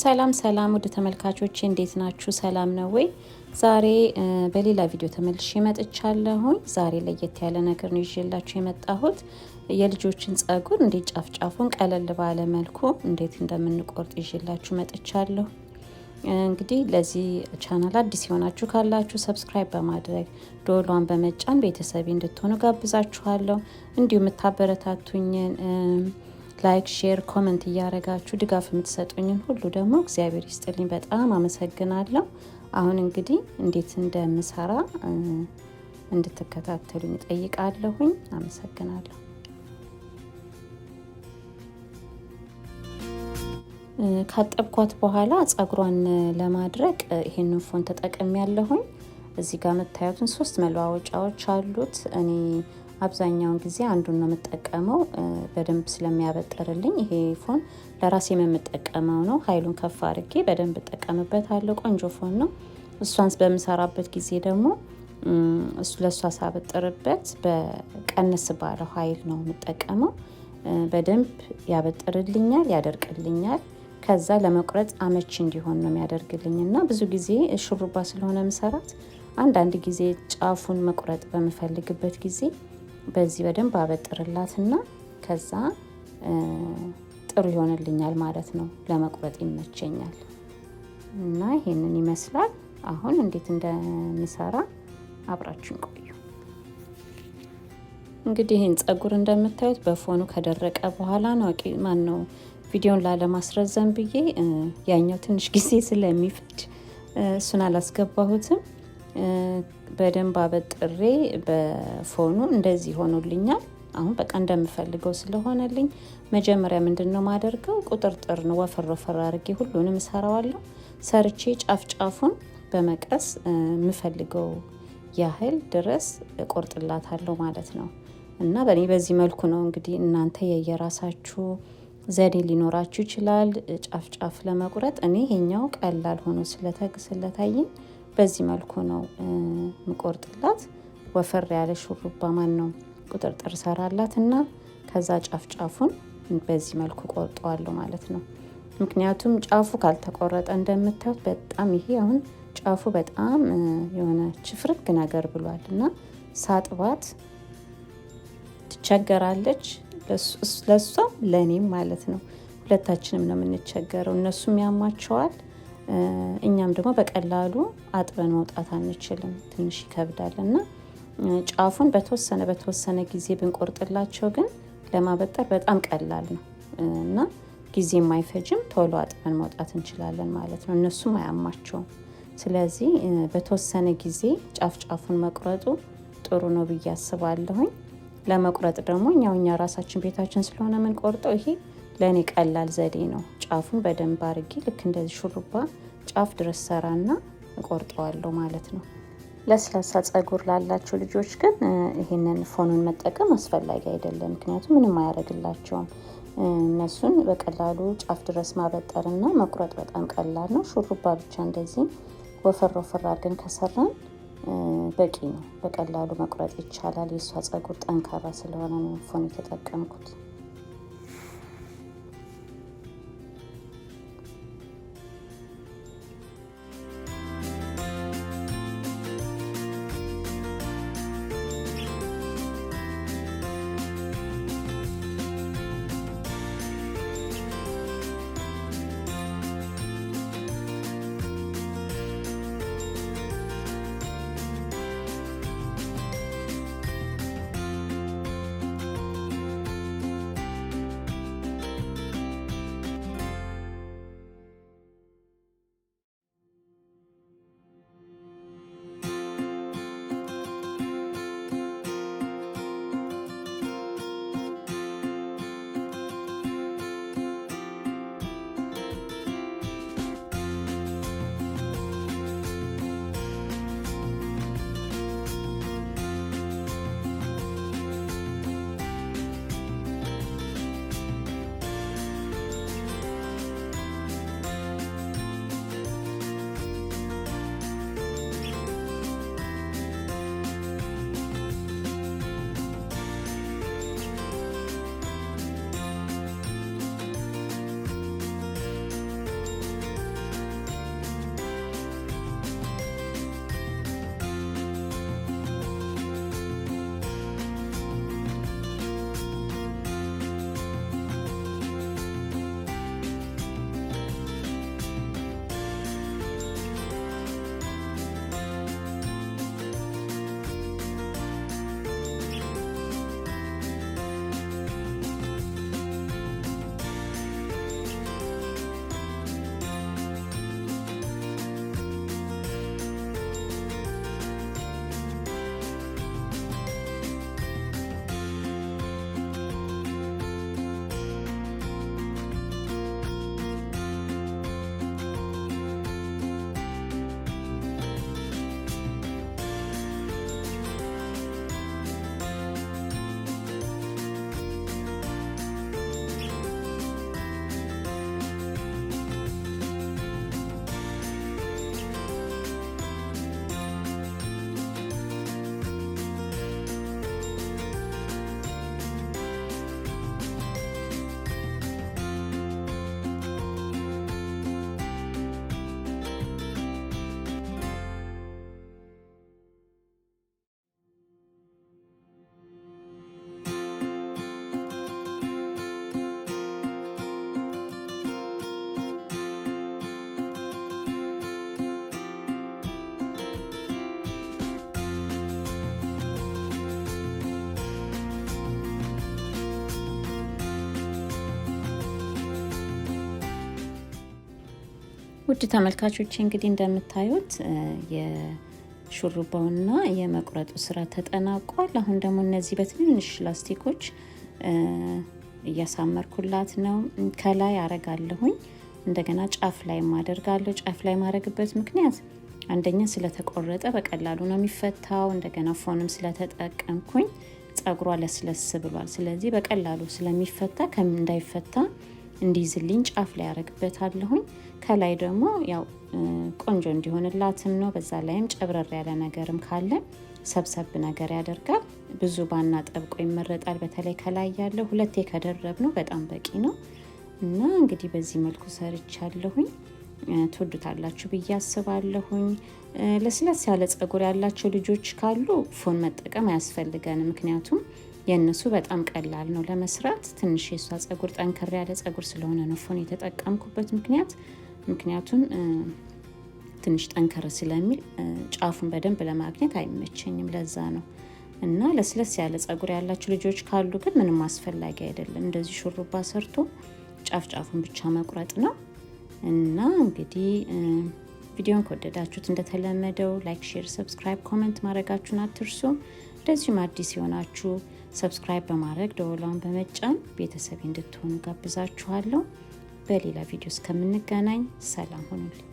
ሰላም ሰላም ውድ ተመልካቾች እንዴት ናችሁ? ሰላም ነው ወይ? ዛሬ በሌላ ቪዲዮ ተመልሼ መጥቻለሁኝ። ዛሬ ለየት ያለ ነገር ነው ይዤላችሁ የመጣሁት የልጆችን ጸጉር እንዴት ጫፍ ጫፉን ቀለል ባለ መልኩ እንዴት እንደምንቆርጥ ይዤላችሁ መጥቻለሁ። እንግዲህ ለዚህ ቻናል አዲስ የሆናችሁ ካላችሁ ሰብስክራይብ በማድረግ ዶሏን በመጫን ቤተሰቤ እንድትሆኑ ጋብዛችኋለሁ። እንዲሁም የምታበረታቱኝን ላይክ፣ ሼር፣ ኮመንት እያደረጋችሁ ድጋፍ የምትሰጡኝን ሁሉ ደግሞ እግዚአብሔር ይስጥልኝ። በጣም አመሰግናለሁ። አሁን እንግዲህ እንዴት እንደምሰራ እንድትከታተሉኝ ጠይቃለሁኝ። አመሰግናለሁ። ካጠብኳት በኋላ ጸጉሯን ለማድረቅ ይህንን ፎን ተጠቅሜ ያለሁኝ። እዚህ ጋር የምታዩትን ሶስት መለዋወጫዎች አሉት እኔ አብዛኛውን ጊዜ አንዱን ነው የምጠቀመው፣ በደንብ ስለሚያበጥርልኝ። ይሄ ፎን ለራሴ የምጠቀመው ነው። ኃይሉን ከፍ አድርጌ በደንብ እጠቀምበታለሁ። ቆንጆ ፎን ነው። እሷን በምሰራበት ጊዜ ደግሞ ለእሷ ሳበጥርበት በቀንስ ባለው ኃይል ነው የምጠቀመው። በደንብ ያበጥርልኛል፣ ያደርቅልኛል። ከዛ ለመቁረጥ አመች እንዲሆን ነው የሚያደርግልኝ እና ብዙ ጊዜ ሹሩባ ስለሆነ ምሰራት አንዳንድ ጊዜ ጫፉን መቁረጥ በምፈልግበት ጊዜ በዚህ በደንብ አበጥርላትና ከዛ ጥሩ ይሆንልኛል ማለት ነው። ለመቁረጥ ይመቸኛል እና ይሄንን ይመስላል። አሁን እንዴት እንደምሰራ አብራችን ቆዩ። እንግዲህ ይህን ጸጉር እንደምታዩት በፎኑ ከደረቀ በኋላ ነው ማን ነው ቪዲዮን ላለማስረዘም ብዬ ያኛው ትንሽ ጊዜ ስለሚፈጅ እሱን አላስገባሁትም። በደንብ አበጥሬ በፎኑ እንደዚህ ሆኖልኛል። አሁን በቃ እንደምፈልገው ስለሆነልኝ መጀመሪያ ምንድን ነው ማደርገው ቁጥርጥር ነው ወፈር ወፈር አድርጌ ሁሉንም እሰራዋለሁ። ሰርቼ ጫፍ ጫፉን በመቀስ የምፈልገው ያህል ድረስ እቆርጥላታለሁ ማለት ነው። እና በእኔ በዚህ መልኩ ነው እንግዲህ እናንተ የየራሳችሁ ዘዴ ሊኖራችሁ ይችላል ጫፍ ጫፍ ለመቁረጥ። እኔ ይሄኛው ቀላል ሆኖ ስለታይኝ በዚህ መልኩ ነው ምቆርጥላት። ወፈር ያለ ሹሩባ ማን ነው ቁጥርጥር ሰራላት እና ከዛ ጫፍ ጫፉን በዚህ መልኩ ቆርጠዋለሁ ማለት ነው። ምክንያቱም ጫፉ ካልተቆረጠ እንደምታዩት በጣም ይሄ አሁን ጫፉ በጣም የሆነ ችፍርግ ነገር ብሏል እና ሳጥባት ትቸገራለች፣ ለእሷም ለእኔም ማለት ነው። ሁለታችንም ነው የምንቸገረው። እነሱም ያሟቸዋል እኛም ደግሞ በቀላሉ አጥበን መውጣት አንችልም፣ ትንሽ ይከብዳል እና ጫፉን በተወሰነ በተወሰነ ጊዜ ብንቆርጥላቸው ግን ለማበጠር በጣም ቀላል ነው እና ጊዜ የማይፈጅም ቶሎ አጥበን መውጣት እንችላለን ማለት ነው። እነሱም አያማቸውም። ስለዚህ በተወሰነ ጊዜ ጫፍ ጫፉን መቁረጡ ጥሩ ነው ብዬ አስባለሁኝ። ለመቁረጥ ደግሞ እኛው እኛ ራሳችን ቤታችን ስለሆነ የምንቆርጠው ይሄ ለእኔ ቀላል ዘዴ ነው። ጫፉን በደንብ አርጌ ልክ እንደዚህ ሹሩባ ጫፍ ድረስ ሰራና እቆርጠዋለሁ ማለት ነው። ለስላሳ ጸጉር ላላቸው ልጆች ግን ይህንን ፎኑን መጠቀም አስፈላጊ አይደለም፣ ምክንያቱም ምንም አያደርግላቸውም። እነሱን በቀላሉ ጫፍ ድረስ ማበጠር ና መቁረጥ በጣም ቀላል ነው። ሹሩባ ብቻ እንደዚህ ወፈር ወፈር አድርገን ከሰራን በቂ ነው። በቀላሉ መቁረጥ ይቻላል። የእሷ ጸጉር ጠንካራ ስለሆነ ነው ፎን የተጠቀምኩት። ውድ ተመልካቾች እንግዲህ እንደምታዩት የሹሩባውና የመቁረጡ ስራ ተጠናቋል። አሁን ደግሞ እነዚህ በትንንሽ ላስቲኮች እያሳመርኩላት ነው። ከላይ አረጋለሁኝ፣ እንደገና ጫፍ ላይ ማደርጋለሁ። ጫፍ ላይ ማድረግበት ምክንያት አንደኛ ስለተቆረጠ በቀላሉ ነው የሚፈታው። እንደገና ፎንም ስለተጠቀምኩኝ ጸጉሯ ለስለስ ብሏል። ስለዚህ በቀላሉ ስለሚፈታ እንዳይፈታ እንዲይዝልኝ ጫፍ ላይ ያደርግበታለሁኝ። ከላይ ደግሞ ያው ቆንጆ እንዲሆንላትም ነው። በዛ ላይም ጨብረር ያለ ነገርም ካለ ሰብሰብ ነገር ያደርጋል። ብዙ ባና ጠብቆ ይመረጣል። በተለይ ከላይ ያለው ሁለቴ ከደረብ ነው በጣም በቂ ነው እና እንግዲህ በዚህ መልኩ ሰርቻለሁኝ። ትወዱታላችሁ ብዬ አስባለሁኝ። ለስለስ ያለ ጸጉር ያላቸው ልጆች ካሉ ፎን መጠቀም አያስፈልገን፣ ምክንያቱም የእነሱ በጣም ቀላል ነው ለመስራት። ትንሽ የእሷ ጸጉር ጠንከር ያለ ጸጉር ስለሆነ ነው ፎን የተጠቀምኩበት ምክንያት ምክንያቱም ትንሽ ጠንከር ስለሚል ጫፉን በደንብ ለማግኘት አይመቸኝም፣ ለዛ ነው እና ለስለስ ያለ ጸጉር ያላቸው ልጆች ካሉ ግን ምንም አስፈላጊ አይደለም። እንደዚህ ሹሩባ ሰርቶ ጫፍ ጫፉን ብቻ መቁረጥ ነው። እና እንግዲህ ቪዲዮን ከወደዳችሁት እንደተለመደው ላይክ፣ ሼር፣ ሰብስክራይብ፣ ኮመንት ማድረጋችሁን አትርሱ። እንደዚሁም አዲስ የሆናችሁ ሰብስክራይብ በማድረግ ደወላውን በመጫን ቤተሰብ እንድትሆኑ ጋብዛችኋለሁ። በሌላ ቪዲዮ እስከምንገናኝ ሰላም ሁኑልኝ።